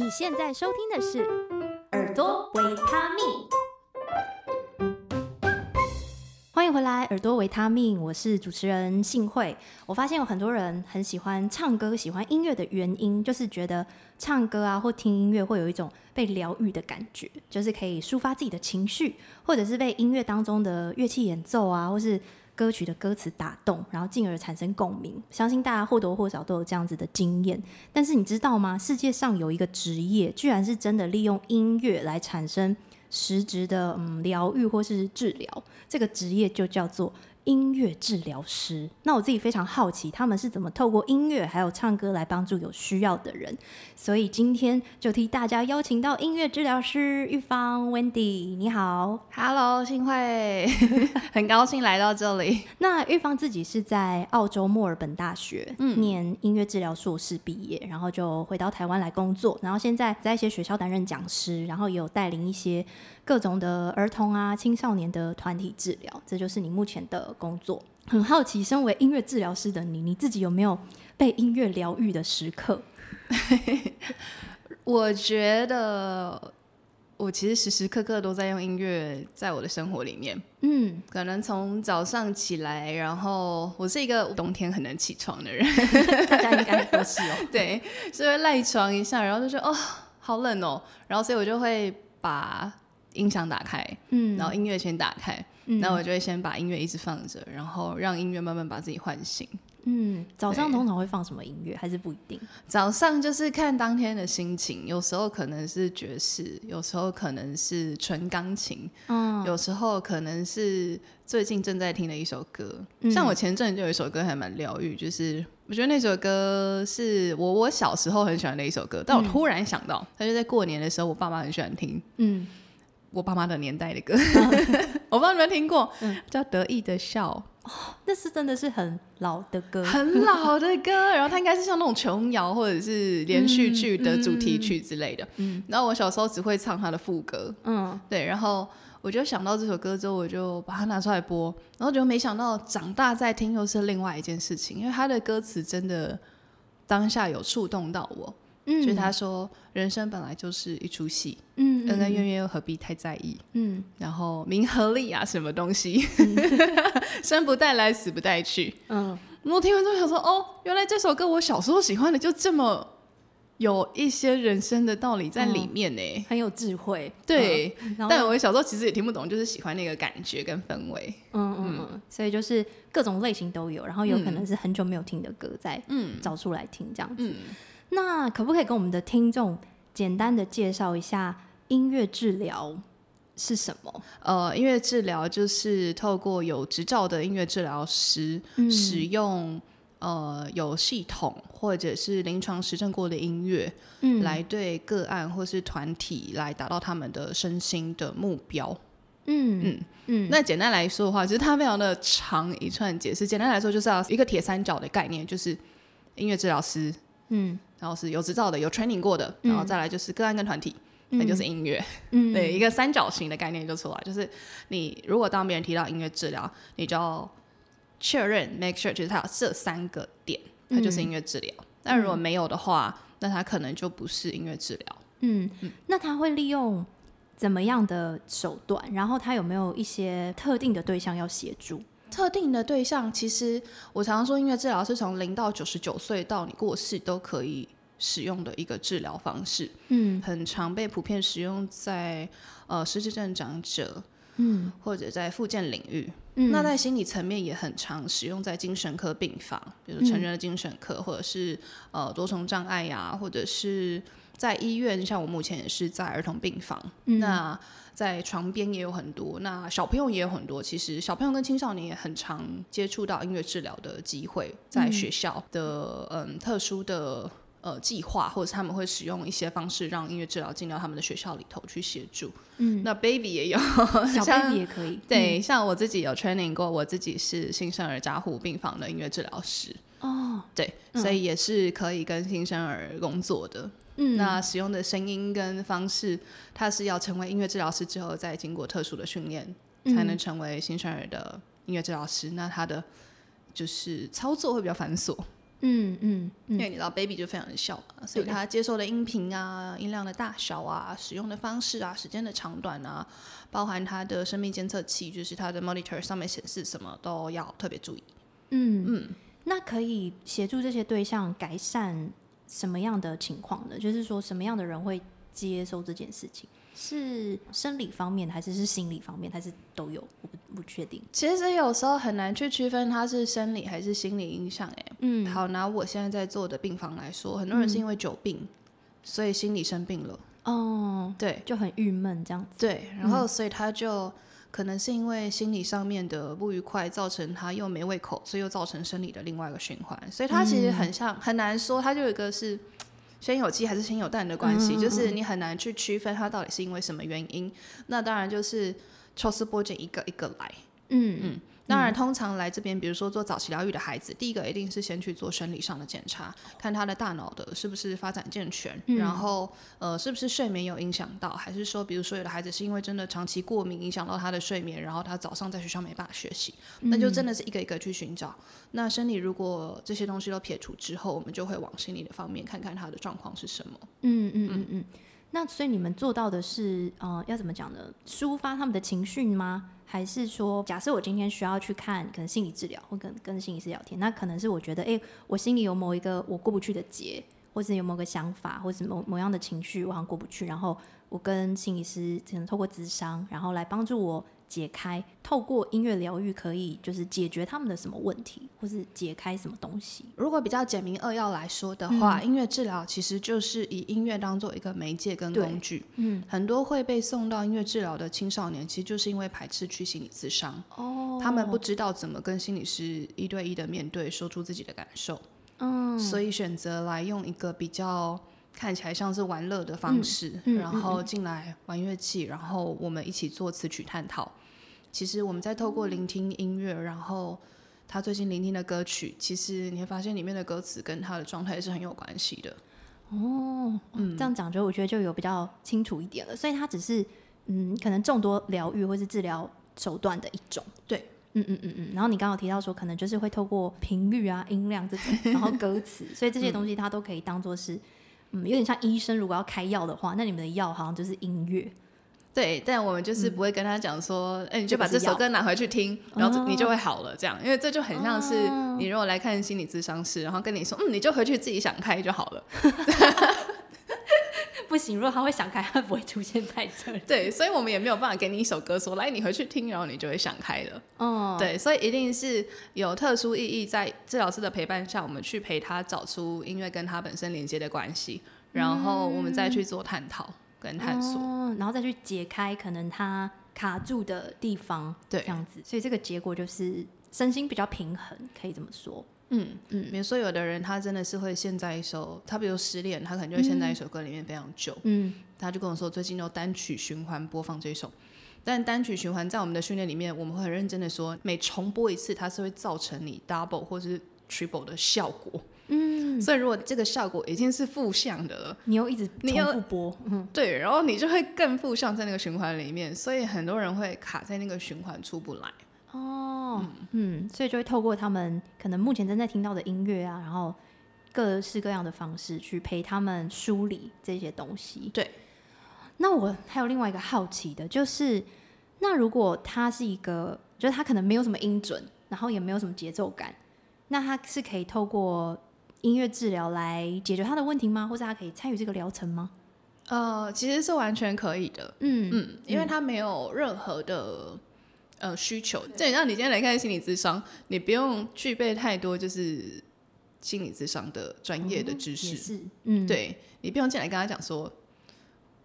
你現在收聽的是《耳朵維他命》，歡迎回來，《耳朵維他命》。我是主持人信慧。我發現有很多人很喜歡唱歌，喜歡音樂的原因，就是覺得唱歌啊或聽音樂會有一種被療癒的感覺，就是可以抒發自己的情緒，或者是被音樂當中的樂器演奏啊，或是。歌曲的歌詞打動，然後進而產生共鳴，相信大家或多或少都有這樣子的經驗。但是你知道嗎？世界上有一個職業，居然是真的利用音樂來產生實質的，嗯，療癒或是治療。這個職業就叫做，音樂治療師，那我自己非常好奇，他們是怎麼透過音樂還有唱歌來幫助有需要的人。所以今天就替大家邀請到音樂治療師堉芳 Wendy，你好，Hello，幸會， 很高興來到這裡。 那堉芳自己是在澳洲墨爾本大學、嗯、念音樂治療碩士畢業，然後就回到台灣來工作，然後現在在一些學校擔任講師，然後也有帶領一些各種的兒童啊、青少年的團體治療。這就是你目前的。工作。很好奇，身為音樂治療師的你，你自己有沒有被音樂療癒的時刻？ 我覺得我其實時時刻刻都在用音樂，在我的生活裡面，嗯，可能從早上起來，然後我是一個冬天很難起床的人， 大家應該都是哦， 對，就會賴床一下，然後就說哦，好冷哦，然後所以我就會把音響打開，嗯，然後音樂先打開。嗯、那我就會先把音樂一直放着，然後讓音樂慢慢把自己喚醒。嗯，早上通常會放什麼音樂？還是不一定？早上就是看當天的心情，有時候可能是爵士，有時候可能是純鋼琴，嗯、哦，有時候可能是最近正在聽的一首歌。嗯、像我前陣子有一首歌還蠻療癒，就是我覺得那首歌是我我小時候很喜歡的一首歌，但我突然想到，他、嗯、就在過年的時候，我爸媽很喜歡聽。嗯，我爸媽的年代的歌。嗯 我不知道你們聽過，叫、嗯、得意的笑哦，那是真的是很老的歌，很老的歌。 然後它應該是像那種瓊瑤或者是連續劇的主題曲之類的、嗯嗯。然後我小時候只會唱它的副歌，嗯，對。然後我就想到這首歌之後，我就把它拿出來播，然後就沒想到長大再聽又是另外一件事情，因為它的歌詞真的當下有觸動到我。所、嗯、以、就是、他說：“人生本來就是一齣戲，恩恩怨怨又何必太在意？”嗯，然後名和利啊，什麼東西、嗯， 生不帶來，死不帶去。嗯，我聽完之後想說：“哦，原來這首歌我小時候喜歡的，就這麼有一些人生的道理在裡面呢、嗯，很有智慧。嗯”對、嗯，但我小時候其實也聽不懂，就是喜歡那個感覺跟氛圍。嗯嗯，嗯，所以就是各種類型都有，然後有可能是很久沒有聽的歌，再嗯找出來聽這樣子、嗯。嗯那可不可以跟我們的聽眾簡單的介紹一下音樂治療是什麼？呃，音樂治療就是透過有執照的音樂治療師使用、嗯、呃有系統或者是臨床實證過的音樂，嗯，來對個案或是團體來達到他們的身心的目標。嗯嗯嗯，嗯。那簡單來說的話，其實它非常的長一串解釋。簡單來說，就是要一個鐵三角的概念，就是音樂治療師，嗯。然後是有執照的，有 training 過的，然後再來就是個案跟團體，那、嗯、就是音樂。嗯、 對，一個三角形的概念就出來，就是你如果當別人提到音樂治療，你就要確認 make sure 就是他有這三個點，他就是音樂治療。那、嗯、如果沒有的話，嗯、那他可能就不是音樂治療、嗯。嗯，那他會利用怎麼樣的手段？然後他有沒有一些特定的對象要協助？特定的對象，其實我常常說，音樂治療是從零到九十九歲到你過世都可以使用的一個治療方式。嗯，很常被普遍使用在呃失智症長者，嗯，或者在復健領域、嗯。那在心理層面也很常使用在精神科病房，比如成人的精神科，或者是呃多重障礙呀，或者是。呃在醫院，像我目前也是在兒童病房。嗯、那在床邊也有很多，那小朋友也有很多。其實小朋友跟青少年也很常接觸到音樂治療的機會，在學校的嗯，嗯特殊的呃計劃，或者是他們會使用一些方式，讓音樂治療進到他們的學校裡頭去協助。嗯，那 baby 也有，小 baby 也可以。對、嗯，像我自己有 training 過，我自己是新生兒加護病房的音樂治療師。哦，對，所以也是可以跟新生兒工作的。嗯，那使用的聲音跟方式，他是要成為音樂治療師之後，再經過特殊的訓練，嗯，才能成為新生兒的音樂治療師。那他的就是操作會比較繁瑣。嗯嗯，嗯，因為你知道，baby 就非常的小嘛，所以他接受的音頻啊、音量的大小啊、使用的方式啊、時間的長短啊，包含他的生命監測器，就是他的 monitor 上面顯示什麼都要特別注意。嗯嗯，那可以協助這些對象改善。什麼樣的情況呢？就是說，什麼樣的人會接受這件事情？是生理方面，還是是心理方面，還是都有？我不確定。其實有時候很難去區分他是生理還是心理影響。誒，嗯，好，拿我現在在做的病房來說，很多人是因為久病、嗯，所以心理生病了。哦，對，就很鬱悶這樣子。對，然後所以他就。嗯可能是因為心理上面的不愉快，造成他又沒胃口，所以又造成生理的另外一個循環。所以他其實很像，嗯，很難說，他就有一個是先有雞還是先有蛋的關係，嗯嗯嗯，就是你很難去區分他到底是因為什麼原因。那當然就是抽絲剝繭，嗯，就是，一個一個來。嗯。嗯當然，通常來這邊、嗯，比如說做早期療愈的孩子，第一個一定是先去做生理上的檢查，看他的大腦的是不是發展健全，嗯、然後呃，是不是睡眠有影響到，還是說，比如說有的孩子是因為真的長期過敏影響到他的睡眠，然後他早上在學校沒辦法學習、嗯，那就真的是一個一個去尋找。那生理如果這些東西都撇除之後，我們就會往心理的方面看看他的狀況是什麼。嗯嗯嗯嗯。嗯那所以你們做到的是，呃，要怎麼講呢？抒發他們的情緒嗎？還是說，假設我今天需要去看可能心理治療，或跟跟心理師聊天，那可能是我覺得，哎，我心裡有某一個我過不去的結，或者有某個想法，或者某某樣的情緒我好像過不去，然後我跟心理師只能透過諮商，然後來幫助我。解開，透過音樂療癒可以就是解決他們的什麼問題，或是解開什麼東西？如果比較簡明扼要來說的話，嗯、音樂治療其實就是以音樂當做一個媒介跟工具。嗯，很多會被送到音樂治療的青少年，其實就是因為排斥去心理諮商哦，他們不知道怎麼跟心理師一對一的面對，說出自己的感受。嗯，所以選擇來用一個比較看起來像是玩樂的方式、嗯嗯，然後進來玩樂器，嗯、然後我們一起做詞曲探討、嗯。其實我們在透過聆聽音樂，然後他最近聆聽的歌曲，其實你會發現裡面的歌詞跟他的狀態是很有關係的。哦，嗯，這樣講就我覺得就有比較清楚一點了。所以他只是，嗯，可能眾多療癒或是治療手段的一種。對，嗯嗯嗯嗯。然後你剛剛提到說，可能就是會透過頻率啊、音量這種， 然後歌詞，所以這些東西它都可以當做是。嗯，有點像醫生，如果要開藥的話，那你們的藥好像就是音樂。對，但我們就是不會跟他講說，哎、嗯，欸、你就把這首歌拿回去聽，然後你就會好了。這樣、哦，因為這就很像是你如果來看心理諮商師，然後跟你說、哦，嗯，你就回去自己想開就好了。 不行，如果他會想開，他不會出現在這裡。對，所以我們也沒有辦法給你一首歌說，說來你回去聽，然後你就會想開了。哦、嗯，對，所以一定是有特殊意義，在治療師的陪伴下，我們去陪他找出音樂跟他本身連接的關係，然後我們再去做探討跟探索、嗯哦，然後再去解開可能他卡住的地方。對，這樣子，所以這個結果就是身心比較平衡，可以這麼說。嗯嗯，比如說有的人他真的是會陷在一首，他比如失戀，他可能就會陷在一首歌裡面非常久。嗯，嗯，他就跟我說最近都單曲循環播放這首，但單曲循環在我們的訓練裡面，我們會很認真的說，每重播一次，它是會造成你 double 或是 triple 的效果，嗯，所以如果這個效果已經是負向的了，你又一直重複播你，對，然後你就會更負向在那個循環裡面，所以很多人會卡在那個循環出不來。嗯，嗯，所以就會透過他們可能目前正在聽到的音樂啊，然後各式各樣的方式去陪他們梳理這些東西。對。那我還有另外一個好奇的，就是那如果他是一個，就是他可能沒有什麼音準，然後也沒有什麼節奏感，那他是可以透過音樂治療來解決他的問題嗎？或者他可以參與這個療程嗎？呃，其實是完全可以的。嗯嗯，因為他沒有任何的。呃，需求對，讓你今天來看心理諮商，你不用具備太多就是心理諮商的專業的知識。嗯，嗯，對，你不用進來跟他講說，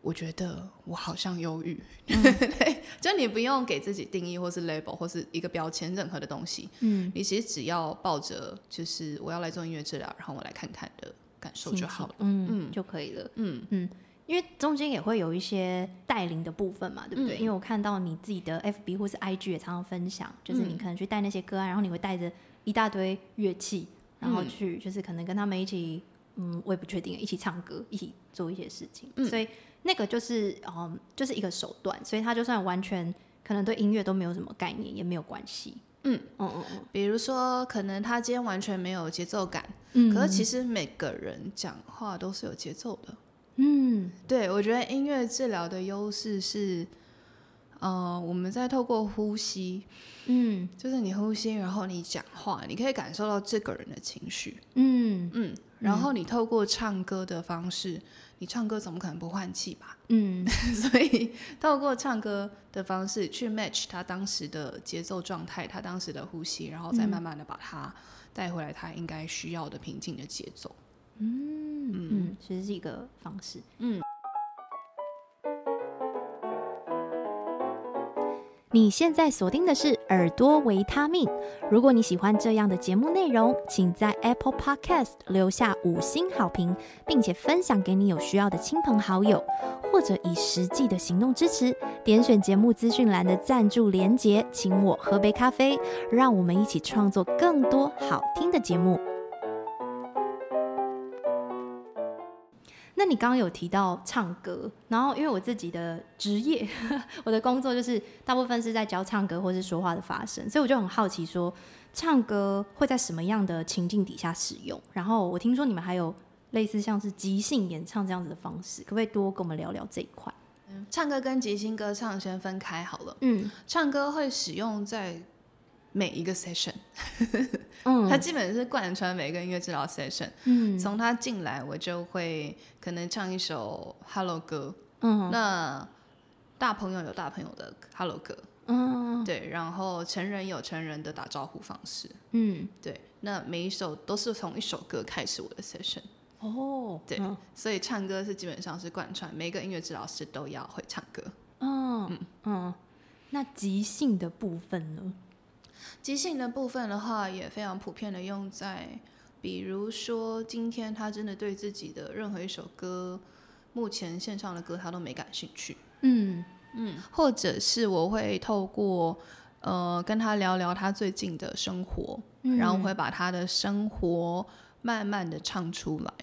我覺得我好像憂鬱，嗯，就你不用給自己定義或是 label 或是一個標籤任何的東西，嗯，你其實只要抱着就是我要來做音樂治療，然後我來看看的感受就好了，行行嗯，嗯，就可以了，嗯嗯。因為中間也會有一些帶領的部分嘛，對不對、嗯？因為我看到你自己的 FB 或是 IG 也常常分享，就是你可能去帶那些個案，嗯，然後你會帶着一大堆樂器，嗯，然後去就是可能跟他們一起，嗯，我也不確定，一起唱歌，一起做一些事情，嗯。所以那個就是，嗯，就是一個手段。所以他就算完全可能對音樂都沒有什麼概念，也沒有關係。嗯嗯嗯嗯。比如說，可能他今天完全沒有節奏感，嗯、可是其實每個人講話都是有節奏的。嗯，對，我覺得音樂治療的優勢是，呃，我們在透過呼吸，嗯，就是你呼吸，然後你講話，你可以感受到這個人的情緒，嗯嗯，然後你透過唱歌的方式，你唱歌怎麼可能不換氣吧？嗯， 所以透過唱歌的方式去 match 他當時的節奏狀態，他當時的呼吸，然後再慢慢的把他帶回來，他應該需要的平靜的節奏。嗯嗯，其實是一個方式。嗯，你現在鎖定的是耳朵維他命。如果你喜歡這樣的節目內容，請在 Apple Podcast 留下五星好評，並且分享給你有需要的親朋好友，或者以實際的行動支持。點選節目資訊欄的贊助鏈接，請我喝杯咖啡，讓我們一起創作更多好聽的節目。那你剛剛有提到唱歌，然後因為我自己的職業，我的工作就是大部分是在教唱歌或是說話的發聲，所以我就很好奇說，唱歌會在什麼樣的情境底下使用？然後我聽說你們還有類似像是即興演唱這樣子的方式，可不可以多跟我們聊聊這一塊？嗯，唱歌跟即興歌唱先分開好了。嗯，唱歌會使用在。每一個 session， 嗯，他基本是貫穿每一個音樂治療 session，嗯，從他進來我就會可能唱一首 hello 歌，嗯，那大朋友有大朋友的 hello 歌，嗯，對，然後成人有成人的打招呼方式，嗯，對，那每一首都是從一首歌開始我的 session，哦，對，哦、所以唱歌是基本上是貫穿每一個音樂治療師都要會唱歌，哦、嗯嗯、哦，那即興的部分呢？即興的部分的話，也非常普遍的用在，比如說今天他真的對自己的任何一首歌，目前線上的歌他都沒感興趣。嗯嗯，或者是我會透過呃跟他聊聊他最近的生活，嗯、然後我會把他的生活慢慢的唱出來。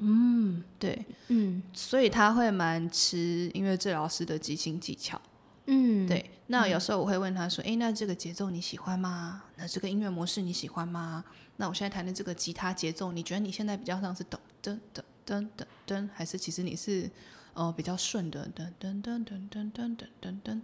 嗯，對，嗯，所以他會蠻吃音樂治療師的即興技巧。嗯，對。那有時候我會問他說：“誒、嗯欸，那這個節奏你喜歡嗎？那這個音樂模式你喜歡嗎？那我現在彈的這個吉他節奏，你覺得你現在比較像是噔噔噔噔噔，還是其實你是呃比較順的噔噔噔噔噔噔噔噔？Dun dun dun dun dun dun dun dun,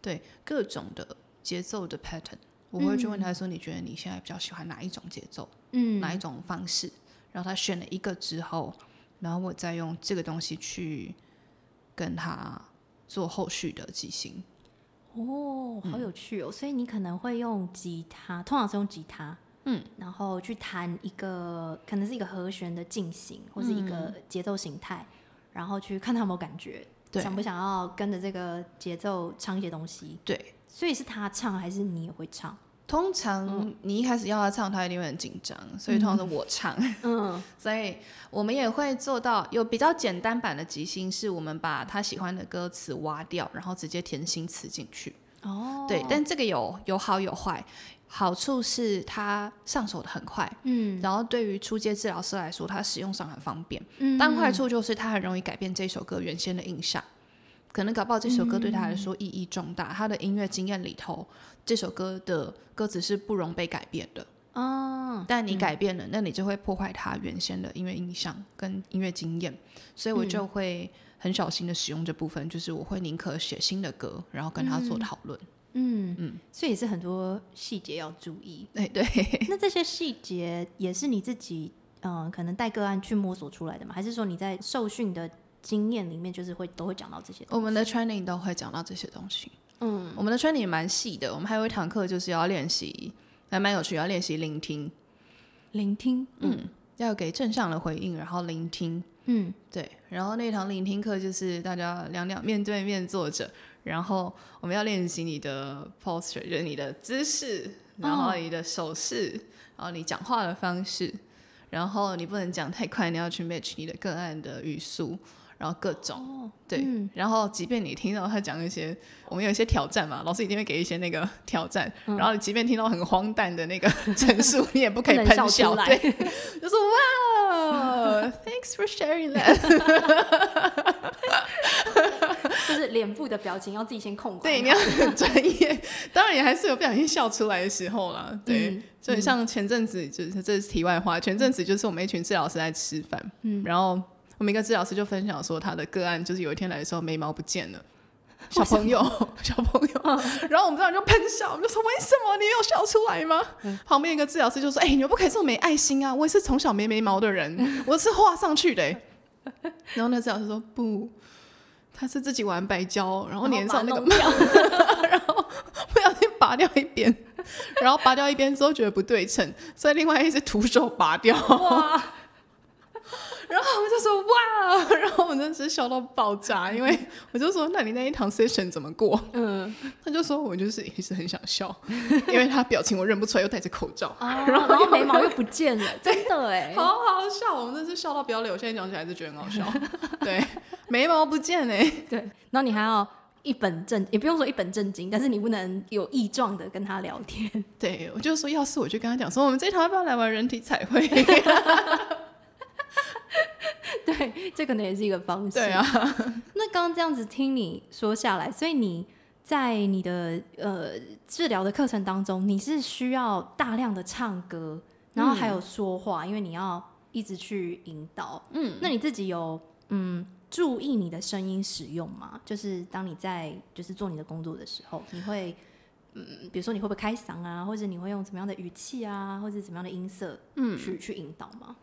對，各種的節奏的 pattern，嗯、我會去問他說：你覺得你現在比較喜歡哪一種節奏？嗯，哪一種方式？然後他選了一個之後，然後我再用這個東西去跟他。”做後續的即興，哦，好有趣哦！所以你可能會用吉他，通常是用吉他，嗯，然後去彈一個，可能是一個和弦的進行，或是一個節奏形態，嗯，然後去看他有沒有感覺，想不想要跟着這個節奏唱一些東西？對，所以是他唱還是你也會唱？通常你一開始要他唱，他一定會很緊張，嗯，所以通常是我唱。嗯， 所以我們也會做到有比較簡單版的即興，是我們把他喜歡的歌詞挖掉，然後直接填新詞進去。哦，對，但這個有有好有壞，好處是他上手的很快，嗯，然後對於初階治療師來說，他使用上很方便，嗯，但壞處就是他很容易改變這首歌原先的印象。可能搞不好，這首歌對他來說意義重大，嗯、他的音樂經驗裡頭，這首歌的歌詞是不容被改變的。哦，但你改變了，嗯、那你就會破壞他原先的音樂印象跟音樂經驗，所以我就會很小心的使用這部分，嗯、就是我會寧可寫新的歌，然後跟他做討論。嗯嗯，所以也是很多細節要注意。對、欸、對。那這些細節也是你自己嗯、呃，可能帶個案去摸索出來的嗎？還是說你在受訓的？經驗裡面就是會都會講到這些，我們的 training 都會講到這些東西。嗯，我們的 training 蠻細的。我們還有一堂課就是要練習，還蠻有趣，要練習聆聽。聆聽，嗯，要給正向的回應，然後聆聽，嗯，對。然後那堂聆聽課就是大家兩兩面對面坐着，然後我們要練習你的 posture，就是你的姿勢，然後你的手勢，哦、然後你講話的方式，然後你不能講太快，你要去 match 你的個案的語速。然後各種、哦、對、嗯，然後即便你聽到他講一些，我們有一些挑戰嘛，老師一定會給一些那個挑戰、嗯。然後即便聽到很荒誕的那個陳述， 你也不可以噴笑出來。對，就說，哇 ，Thanks for sharing that。 就是臉部的表情要自己先控制。對，你要很專業。 當然也還是有不小心笑出來的時候了，對。所、嗯、以像前陣子就是、嗯就是、這是題外話，前陣子就是我們一群治療師在吃飯，嗯，然後。我們一個治療師就分享說，他的個案就是有一天來的時候眉毛不見了，小朋友，小朋友、啊。然後我們這樣就噴笑，我們就說：“為什麼你有笑出來嗎？”嗯、旁邊一個治療師就說：“哎、欸，你不可以這麼沒愛心啊！我也是從小沒眉毛的人，我是畫上去的、欸。 ”然後那治療師說：“不，他是自己玩白膠，然後粘上那個，然後不小心拔掉一邊， 然後拔掉一邊之後覺得不對稱，所以另外一隻徒手拔掉。”然後我就說哇，然後我真的是笑到爆炸，因為我就說，那你那一堂 session 怎麼過？嗯，他就說，我就是一直很想笑， 因為他表情我認不出來，又戴着口罩，哦、然後然後眉毛又不見了，真的哎，好好笑，我們真的是笑到飆淚。我現在講起來是覺得很好笑。 對，眉毛不見哎，對，然後你還要一本正，也不用說一本正經，但是你不能有異狀的跟他聊天。對，我就說，要是我就跟他講說，我們這一堂要不要來玩人體彩繪？ 這可能也是一個方式。對啊，那剛剛這樣子聽你說下來，所以你在你的呃治療的課程當中，你是需要大量的唱歌，然後還有說話，嗯、因為你要一直去引導。嗯，那你自己有嗯注意你的聲音使用嗎？就是當你在就是做你的工作的時候，你會嗯，比如說你會不會開嗓啊，或者你會用怎麼樣的語氣啊，或者怎麼樣的音色去、嗯、去引導嗎？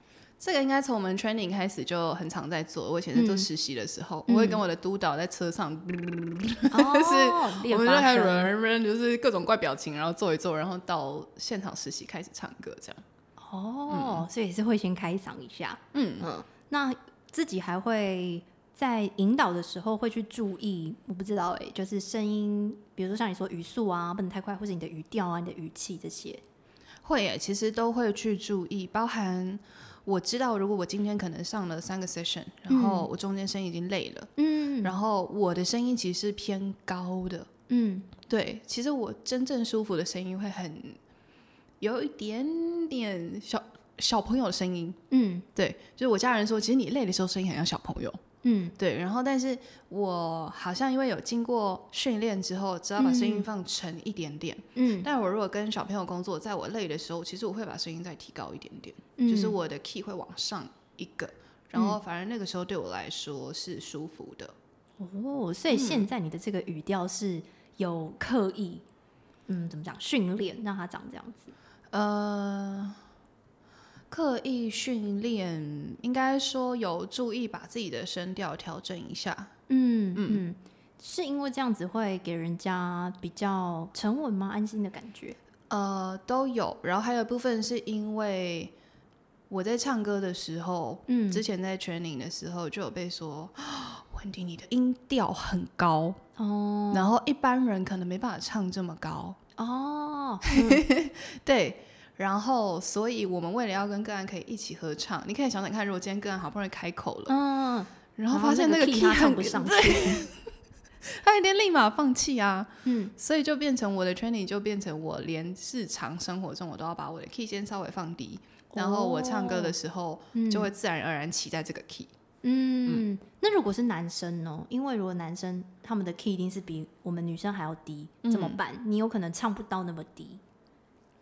這個應該從我們 training 開始就很常在做。我以前在做實習的時候，嗯、我會跟我的督導在車上，就、嗯、 是我們在開 run run run，就是各種怪表情，然後做一做，然後到現場實習開始唱歌這樣。哦、嗯，所以也是會先開嗓一下，嗯嗯。那自己還會在引導的時候會去注意，我不知道哎、欸，就是聲音，比如說像你說語速啊，不能太快，或者你的語調啊、你的語氣這些。會誒，其實都會去注意，包含我知道，如果我今天可能上了三個 session，嗯，然後我中間聲音已經累了，嗯，然後我的聲音其實是偏高的，嗯，對，其實我真正舒服的聲音會很有一點點小小朋友的聲音，嗯，對，就是我家人說，其實你累的時候聲音很像小朋友。嗯，對，然後但是我好像因為有經過訓練之後，只要把聲音放沉一點點嗯。嗯，但我如果跟小朋友工作，在我累的時候，其實我會把聲音再提高一點點，嗯、就是我的 key 會往上一個，嗯、然後反而那個時候對我來說是舒服的。哦，所以現在你的這個語調是有刻意，嗯，嗯怎麼講訓練讓它長這樣子？呃。刻意訓練，應該說有注意把自己的聲調調整一下。嗯嗯，嗯，是因為這樣子會給人家比較沉穩嗎？安心的感覺？呃，都有。然後還有部分是因為我在唱歌的時候，嗯，之前在 training 的時候就有被說，文、嗯、婷、哦，你的音調很高哦，然後一般人可能沒辦法唱這麼高哦。嗯、 對。然後，所以我們為了要跟個案可以一起合唱，你可以想想看，如果今天個案好不容易開口了，嗯、然後發現那個 key、啊那個、key 唱不上去、哎嗯，他一定立馬放棄啊、嗯。所以就變成我的 training 就變成我連日常生活中我都要把我的 key 先稍微放低，哦、然後我唱歌的時候、嗯、就會自然而然起在這個 key 嗯。嗯，那如果是男生呢？因為如果男生他們的 key 一定是比我們女生還要低，嗯、怎麼辦？你有可能唱不到那麼低。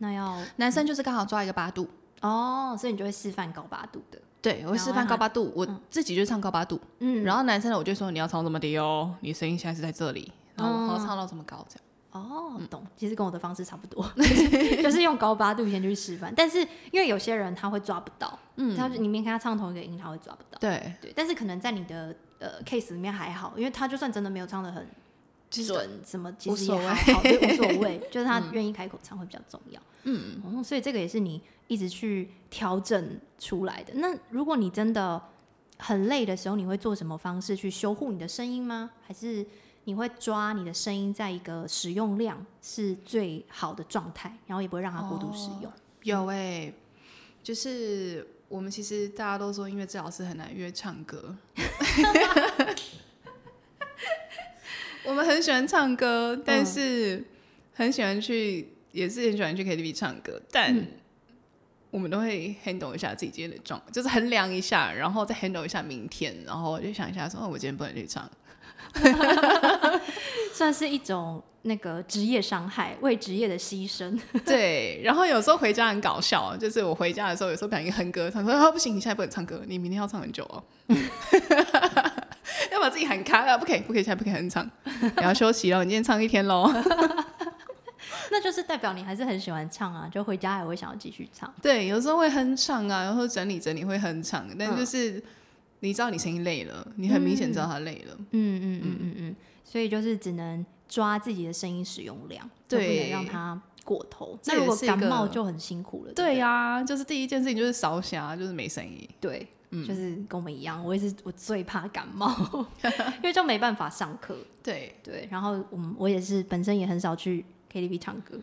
那要男生就是剛好抓一個八度、嗯、哦，所以你就會示範高八度的，對我會示範高八度、嗯，我自己就唱高八度，嗯，然後男生我就說你要唱這麼低哦，你聲音現在是在這裡，然後我要唱到這麼高這樣哦、嗯，哦，懂，其實跟我的方式差不多， 就是、就是用高八度先去示範， 但是因為有些人他會抓不到，嗯，他明明跟他唱同一個音他會抓不到，對對，對，但是可能在你的呃 case 裡面還好，因為他就算真的沒有唱的很。準什麼就無所謂，無所謂 就是他願意開口唱會比較重要。嗯，嗯，嗯，所以這個也是你一直去調整出來的。那如果你真的很累的時候，你會做什麼方式去修護你的聲音嗎？還是你會抓你的聲音在一個使用量是最好的狀態，然後也不會讓它過度使用？哦、有誒、欸，就是我們其實大家都說，音樂治療師很難約唱歌。 我們很喜歡唱歌，但是很喜歡去、嗯，也是很喜歡去 KTV 唱歌，但我們都會 handle 一下自己今天的狀、嗯，就是衡量一下，然後再 handle 一下明天，然後就想一下說，哦，我今天不能去唱， 算是一種那個職業傷害，為職業的犧牲。 對，然後有時候回家很搞笑，就是我回家的時候，有時候表演一個哼歌唱，唱說、哦，不行，你現在不能唱歌，你明天要唱很久哦。 自己喊卡了，不可以，不可以，現在不可以哼唱， 你要休息嘍。你今天唱一天嘍 ， 那就是代表你還是很喜歡唱啊，就回家還會想要繼續唱。對，有時候會哼唱啊，然後整理整理會哼唱，但就是、嗯、你知道你聲音累了，你很明顯知道它累了，嗯嗯嗯嗯嗯，嗯，所以就是只能抓自己的聲音使用量，對，不能讓它過頭。那如果感冒就很辛苦了，對呀、啊，就是第一件事情就是燒聲，就是沒聲音，對。嗯、就是跟我們一樣，我也是我最怕感冒， 因為就沒辦法上課。 對對，然後我們我也是本身也很少去 K T V 唱歌，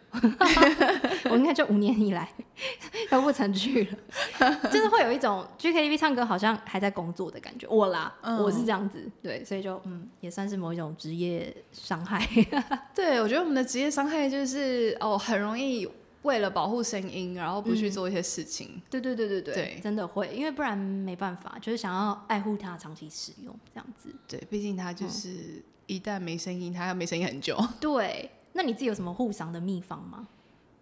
我應該就五年以來 都不曾去了。 就是會有一種去 K T V 唱歌好像還在工作的感覺。我啦，嗯、我是這樣子，對，所以就嗯，也算是某一種職業傷害。 對，我覺得我們的職業傷害就是哦，很容易。為了保護聲音，然後不去做一些事情。嗯、對對對對對，對，真的會，因為不然沒辦法，就是想要愛護它，長期使用這樣子。對，畢竟它就是一旦沒聲音，它、嗯、要沒聲音很久。對，那你自己有什麼護嗓的秘方嗎？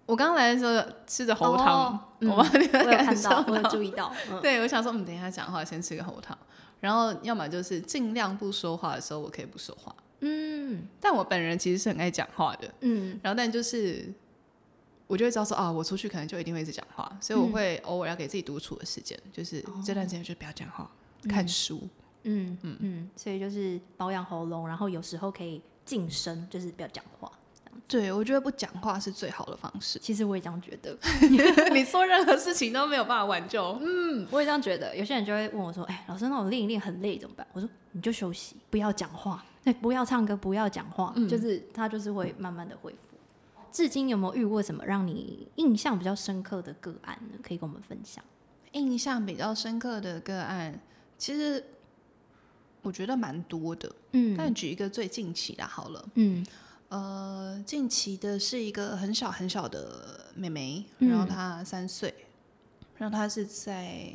我剛來的時候吃着喉糖、哦嗯，我有看到， 我有注意到。嗯、對我想說，我們等一下講話先吃個喉糖，然後要麼就是儘量不說話的時候，我可以不說話。嗯，但我本人其實是很愛講話的。嗯，然後但就是。我就會知道說啊，我出去可能就一定會一直講話，所以我會偶爾要給自己獨處的時間、嗯，就是這段時間就不要講話、嗯，看書，嗯嗯嗯，所以就是保養喉嚨，然後有時候可以噤聲，就是不要講話。對，我覺得不講話是最好的方式。其實我也這樣覺得， 你說任何事情都沒有辦法挽救。 嗯，我也這樣覺得。有些人就會問我說，哎、欸，老師，那我練一練很累怎麼辦？我說你就休息，不要講話，對、欸，不要唱歌，不要講話、嗯，就是他就是會慢慢的恢復。至今有沒有遇過什麼讓你印象比較深刻的個案呢？可以跟我們分享。印象比較深刻的個案，其實我覺得蠻多的。嗯，但舉一個最近期的好了。嗯，呃，近期的是一個很小很小的妹妹，然後她三歲，嗯，然後她是在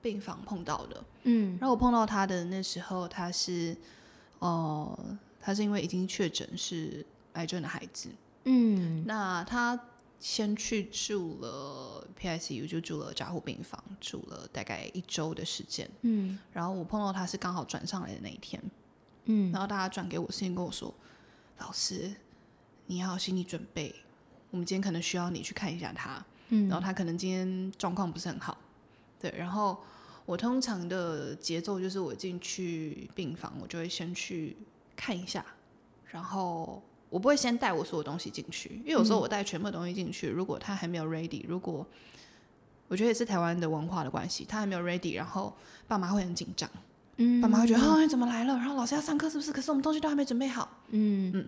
病房碰到的。嗯，然後我碰到她的那時候，她是，哦、呃，她是因為已經確診是癌症的孩子。嗯，那他先去住了 PICU，就住了加護病房，住了大概一周的時間。嗯，然後我碰到他是剛好轉上來的那一天。嗯，然後大家轉給我，先跟我說，老師你要心理準備，我們今天可能需要你去看一下他。嗯，然後他可能今天狀況不是很好。對，然後我通常的節奏就是我進去病房，我就會先去看一下，然後。我不會先帶我所有東西進去，因為有時候我帶全部東西進去，嗯，如果他還沒有 ready，如果我覺得也是台灣的文化的關係，他還沒有 ready，然後爸媽會很緊張，嗯，爸媽會覺得、嗯、哦，你怎麼來了？然後老師要上課是不是？可是我們東西都還沒準備好，嗯嗯，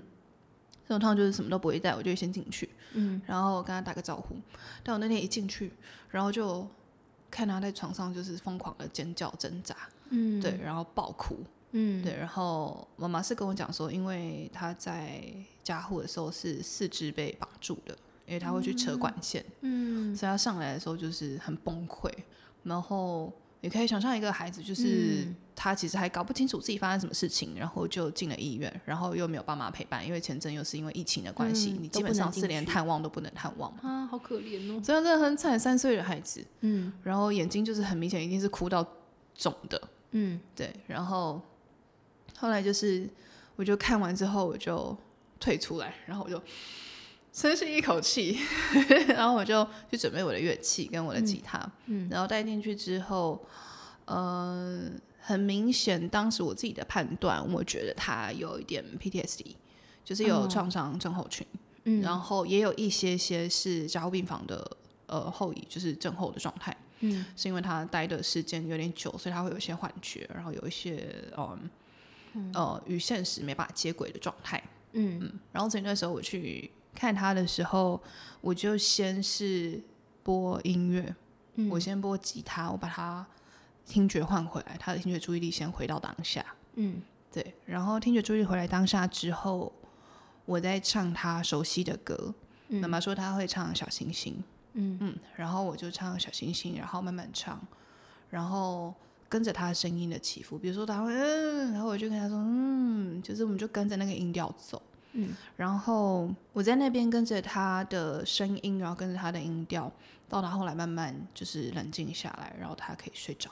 所以我通常就是什麼都不會帶，我就會先進去，嗯，然後跟他打個招呼。但我那天一進去，然後就看他在床上就是瘋狂的尖叫掙扎，嗯，對，然後爆哭。嗯，對，然後媽媽是跟我講說，因為他在加護的時候是四肢被綁住的，因為他會去扯管線，嗯，嗯，所以他上來的時候就是很崩潰。然後你可以想象一個孩子，就是他其實還搞不清楚自己發生什麼事情，嗯，然後就進了醫院，然後又沒有爸媽陪伴，因為前陣又是因為疫情的關係，嗯，你基本上是連探望都不能探望嘛，都不能進去。啊，好可憐哦，所以她真的很慘，三歲的孩子，嗯，然後眼睛就是很明顯，一定是哭到腫的，嗯，對，然後。後來就是，我就看完之後我就退出來，然後我就深吸一口氣， 然後我就去準備我的樂器跟我的吉他，嗯、然後帶進去之後，嗯、呃，很明顯當時我自己的判斷，我覺得他有一點 PTSD，就是有創傷症候群、哦，嗯，然後也有一些些是加護病房的呃後遺，就是症候的狀態，嗯，是因為他待的時間有點久，所以他會有一些幻覺，然後有一些嗯。嗯、呃，與現實沒辦法接軌的狀態、嗯。嗯，然後所以那時候我去看他的時候，我就先是播音樂、嗯，我先播吉他，我把他聽覺換回來、嗯，他的聽覺注意力先回到當下。嗯，對。然後聽覺注意力回來當下之後，我在唱他熟悉的歌。媽、嗯、媽說他會唱《小星星》嗯。嗯，然後我就唱《小星星》，然後慢慢唱，然後。跟着他的聲音的起伏，比如說他會嗯、呃，然後我就跟他說嗯，就是我們就跟着那個音調走，嗯，然後我在那邊跟着他的聲音，然後跟着他的音調，到他後來慢慢就是冷靜下來，然後他可以睡着，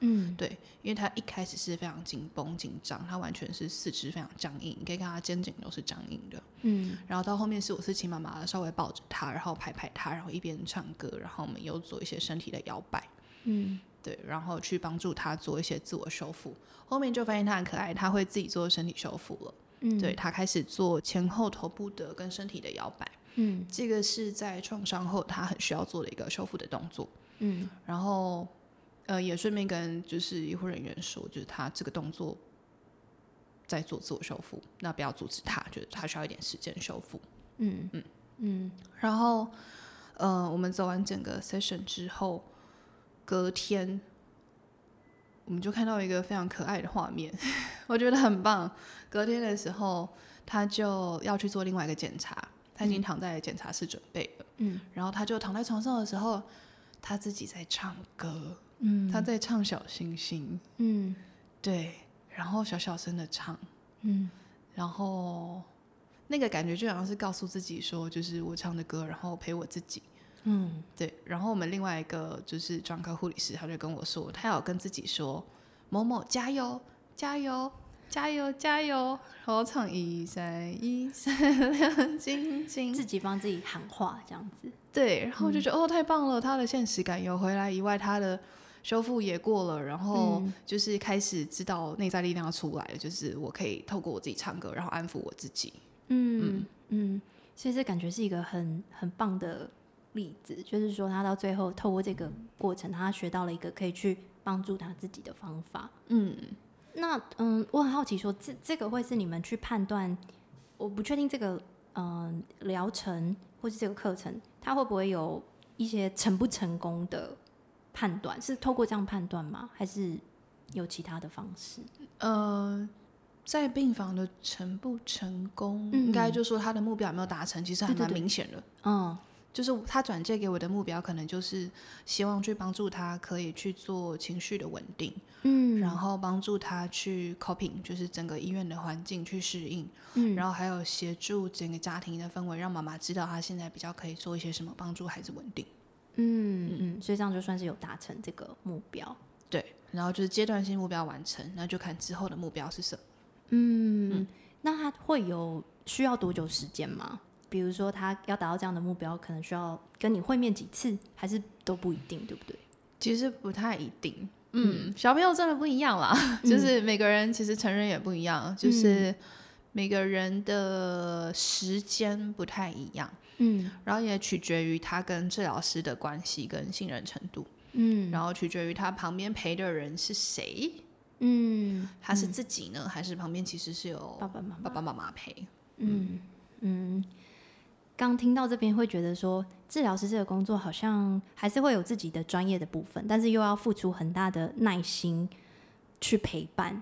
嗯，對，因為他一開始是非常緊繃緊張，他完全是四肢非常僵硬，你可以看他肩頸都是僵硬的，嗯，然後到後面是我是請媽媽，稍微抱着他，然後拍拍他，然後一邊唱歌，然後我們又做一些身體的搖擺，嗯。對，然後去幫助他做一些自我修復。後面就發現他很可愛，他會自己做身體修復了。嗯，對，他開始做前後頭部的跟身體的搖擺。嗯，這個是在創傷後他很需要做的一個修復的動作。嗯，然後呃，也順便跟就是醫護人員說，就是他這個動作在做自我修復，那不要阻止他，就是他需要一點時間修復。嗯嗯嗯。然後呃，我們走完整個 session 之後。隔天，我們就看到一個非常可愛的畫面， 我覺得很棒。隔天的時候，他就要去做另外一個檢查，他已經躺在檢查室準備了。嗯，然後他就躺在床上的時候，他自己在唱歌，嗯，他在唱《小星星》，嗯，對，然後小小聲的唱，嗯，然後那個感覺就好像是告訴自己說，就是我唱的歌，然後陪我自己。嗯，對。然後我們另外一個就是專科護理師，他就跟我說，他有跟自己說：“某某加油，加油，加油，加油。”然後唱一閃一閃亮晶晶， 自己幫自己喊話這樣子。對。然後我就覺得、嗯、哦，太棒了！他的現實感有回來以外，他的修復也過了，然後就是開始知道內在力量要出來了，就是我可以透過我自己唱歌，然後安撫我自己。嗯嗯。所以這感覺是一個很很棒的。例子，就是說，他到最後透過這個過程，他學到了一個可以去幫助他自己的方法。嗯，那嗯，我很好奇說，說這這個會是你們去判斷？我不確定這個嗯呃、療程或是這個課程，他會不會有一些成不成功的判斷？是透過這樣判斷嗎？還是有其他的方式？呃，在病房的成不成功，嗯嗯應該就說他的目標有沒有達成，其實還蠻明顯的，對對對。嗯。就是他轉介給我的目標，可能就是希望去幫助他，可以去做情緒的穩定，嗯，然後幫助他去 coping，就是整個醫院的環境去適應，嗯，然後還有協助整個家庭的氛圍，讓媽媽知道他現在比較可以做一些什麼，幫助孩子穩定，嗯嗯，所以這樣就算是有達成這個目標，對，然後就是階段性目標完成，那就看之後的目標是什麼，嗯，嗯那他會有需要多久時間嗎？比如說，他要達到這樣的目標，可能需要跟你會面幾次，還是都不一定，對不對？其實不太一定。嗯，小朋友真的不一樣啦，嗯、就是每個人其實成人也不一樣，就是每個人的時間不太一樣。嗯，然後也取決於他跟治療師的關係跟信任程度。嗯，然後取決於他旁邊陪的人是誰。嗯，他是自己呢，嗯、還是旁邊其實是有爸爸媽媽、爸爸媽媽陪？嗯嗯。嗯剛聽到這邊會覺得說，治療師這個工作好像還是會有自己的專業的部分，但是又要付出很大的耐心去陪伴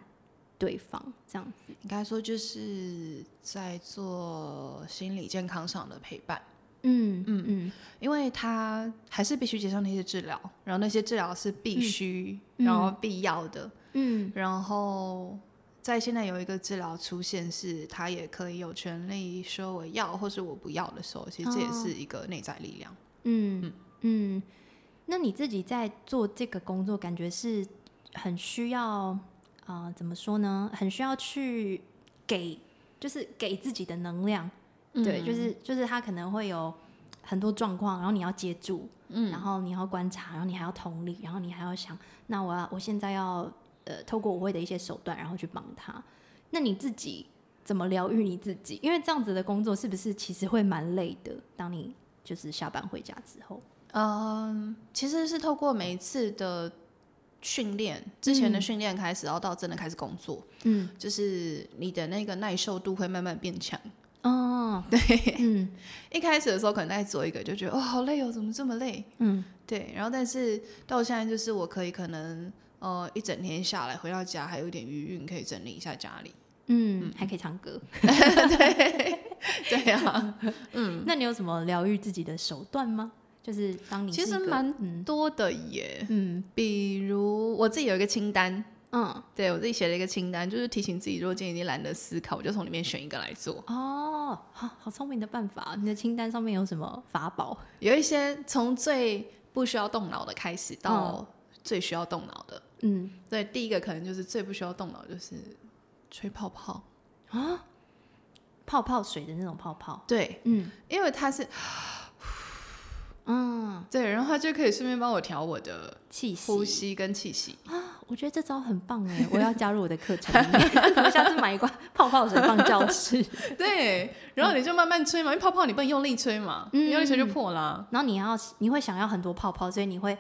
對方，這樣子應該說就是在做心理健康上的陪伴。嗯嗯嗯，因為他還是必須接受那些治療，然後那些治療是必須、嗯、然後必要的。嗯，然後。在現在有一個治療出現，是他也可以有權利說我要，或是我不要的時候，其實這也是一個內在力量。哦、嗯嗯，嗯。那你自己在做這個工作，感覺是很需要啊、呃，怎麼說呢？很需要去給，就是給自己的能量。嗯、對，就是就是他可能會有很多狀況，然後你要接住、嗯，然後你要觀察，然後你還要同理，然後你還要想，那我要我現在要、呃，透過我會的一些手段，然後去幫他。那你自己怎麼療癒你自己？因為這樣子的工作是不是其實會蠻累的？當你就是下班回家之後，嗯、呃，其實是透過每一次的訓練之前的訓練開始，然後，嗯，到真的開始工作，嗯，就是你的那個耐受度會慢慢變強。哦，對，嗯，一開始的時候可能在做一個，就覺得，哦，好累哦，怎麼這麼累？嗯，對。然後但是到現在就是我可以可能。呃，一整天下來，回到家還有一點餘韻，可以整理一下家裡。嗯，嗯，還可以唱歌。 對 對呀、啊，嗯，那你有什麼療癒自己的手段嗎？就是當你是其實蠻多的耶。嗯，比如我自己有一個清單。嗯，對，我自己寫了一個清單，就是提醒自己，如果今天懶得思考，我就從裡面選一個來做。哦，好，好聰明的辦法。你的清單上面有什麼法寶？有一些從最不需要動腦的開始，到最需要動腦的。嗯嗯，對，第一個可能就是最不需要動腦，就是吹泡泡啊，泡泡水的那種泡泡。對，嗯，因為它是，嗯，對，然後它就可以順便幫我調我的氣息、呼吸跟氣息，氣息啊。我覺得這招很棒哎，我要加入我的課程， 下次買一罐泡泡水放教室。 對，然後你就慢慢吹嘛、嗯，因為泡泡你不能用力吹嘛，嗯、用力吹就破了、啊。然後你要，你會想要很多泡泡，所以你會。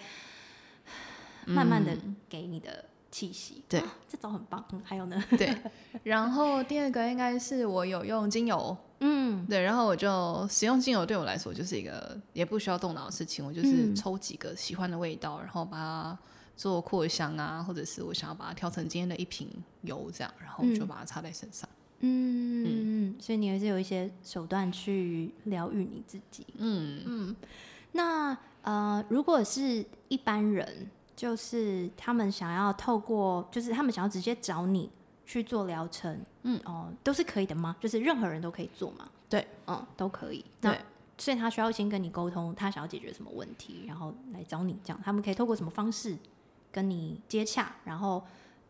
慢慢的給你的氣息，嗯、對、啊，這種很棒。還有呢， 對。然後第二個應該是我有用精油，嗯，對。然後我就使用精油，對我來說就是一個也不需要動腦的事情。我就是抽幾個喜歡的味道，嗯、然後把它做擴香啊，或者是我想要把它調成今天的一瓶油，這樣，然後就把它擦在身上。嗯，嗯，所以你還是有一些手段去療癒你自己。嗯嗯。那呃，如果是一般人。就是他們想要透過，就是他們想要直接找你去做療程，嗯哦、呃，都是可以的嗎？就是任何人都可以做嗎？對，嗯，都可以。對，那所以他需要先跟你溝通，他想要解決什麼問題，然後來找你這樣。他們可以透過什麼方式跟你接洽？然後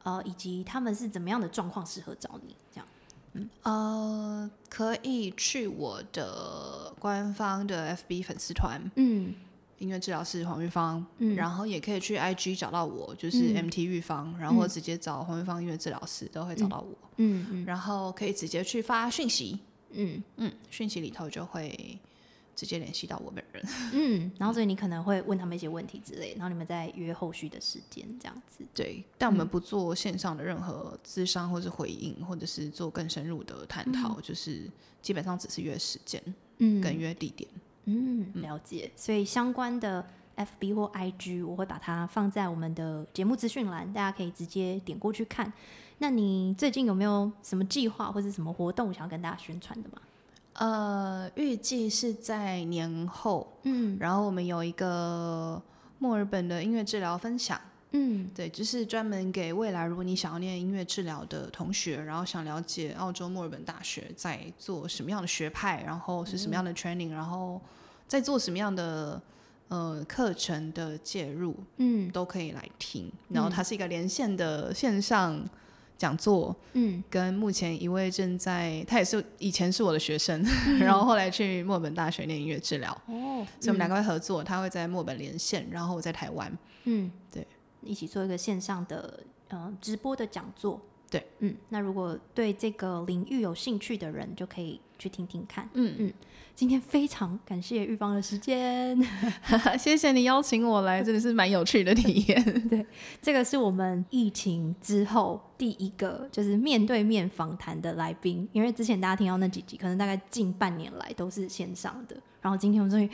呃，以及他們是怎麼樣的狀況適合找你這樣？嗯呃，可以去我的官方的 FB 粉絲團，嗯。音樂治療師黃堉芳、嗯，然後也可以去 IG 找到我，就是 MT 堉芳，嗯、然後直接找黃堉芳音樂治療師都會找到我，嗯嗯，嗯，然後可以直接去發訊息，嗯嗯，訊息裡頭就會直接聯繫到我本人，嗯，然後所以你可能會問他們一些問題之類，然後你們再約後續的時間這樣子，對，但我們不做線上的任何諮商或是回應，或者是做更深入的探討、嗯，就是基本上只是約時間，嗯，跟約地點。嗯嗯，了解。嗯。所以相關的 FB 或 IG，我會把它放在我們的節目資訊欄，大家可以直接點過去看。那你最近有沒有什麼計劃或是什麼活動想要跟大家宣傳的嗎？呃，預計是在年後，嗯，然後我們有一個墨爾本的音樂治療分享。嗯，對，就是專門給未來如果你想要念音樂治療的同學，然後想了解澳洲墨爾本大學在做什麼樣的學派，然後是什麼樣的 training，嗯、然後在做什麼樣的、呃、課程的介入，嗯，都可以來聽。然後它是一個連線的線上講座，嗯，跟目前一位正在他也是以前是我的學生，嗯、 然後後來去墨爾本大學念音樂治療，哦，所以我們兩個會合作，嗯、他會在墨爾本連線，然後我在台灣，嗯，對。一起做一個線上的呃直播的講座，對，嗯，那如果對這個領域有興趣的人，就可以去聽聽看，嗯嗯。今天非常感謝堉芳的時間， 謝謝你邀請我來，真的是蠻有趣的體驗。 對，這個是我們疫情之後第一個就是面對面訪談的來賓，因為之前大家聽到那幾集，可能大概近半年來都是線上的。然後今天我們終於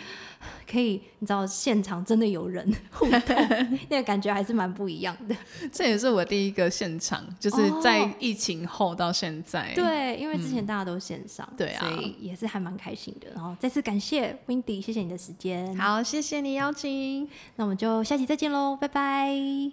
可以，你知道現場真的有人互動， 那個感覺還是蠻不一樣的。這也是我第一個現場，就是在疫情後到現在。哦、對，因為之前大家都線上，對、嗯、啊，所以也是還蠻開心的。啊、然後再次感謝 Wendy 謝謝你的時間。好，謝謝你邀請，那我們就下期再見嘍，拜拜。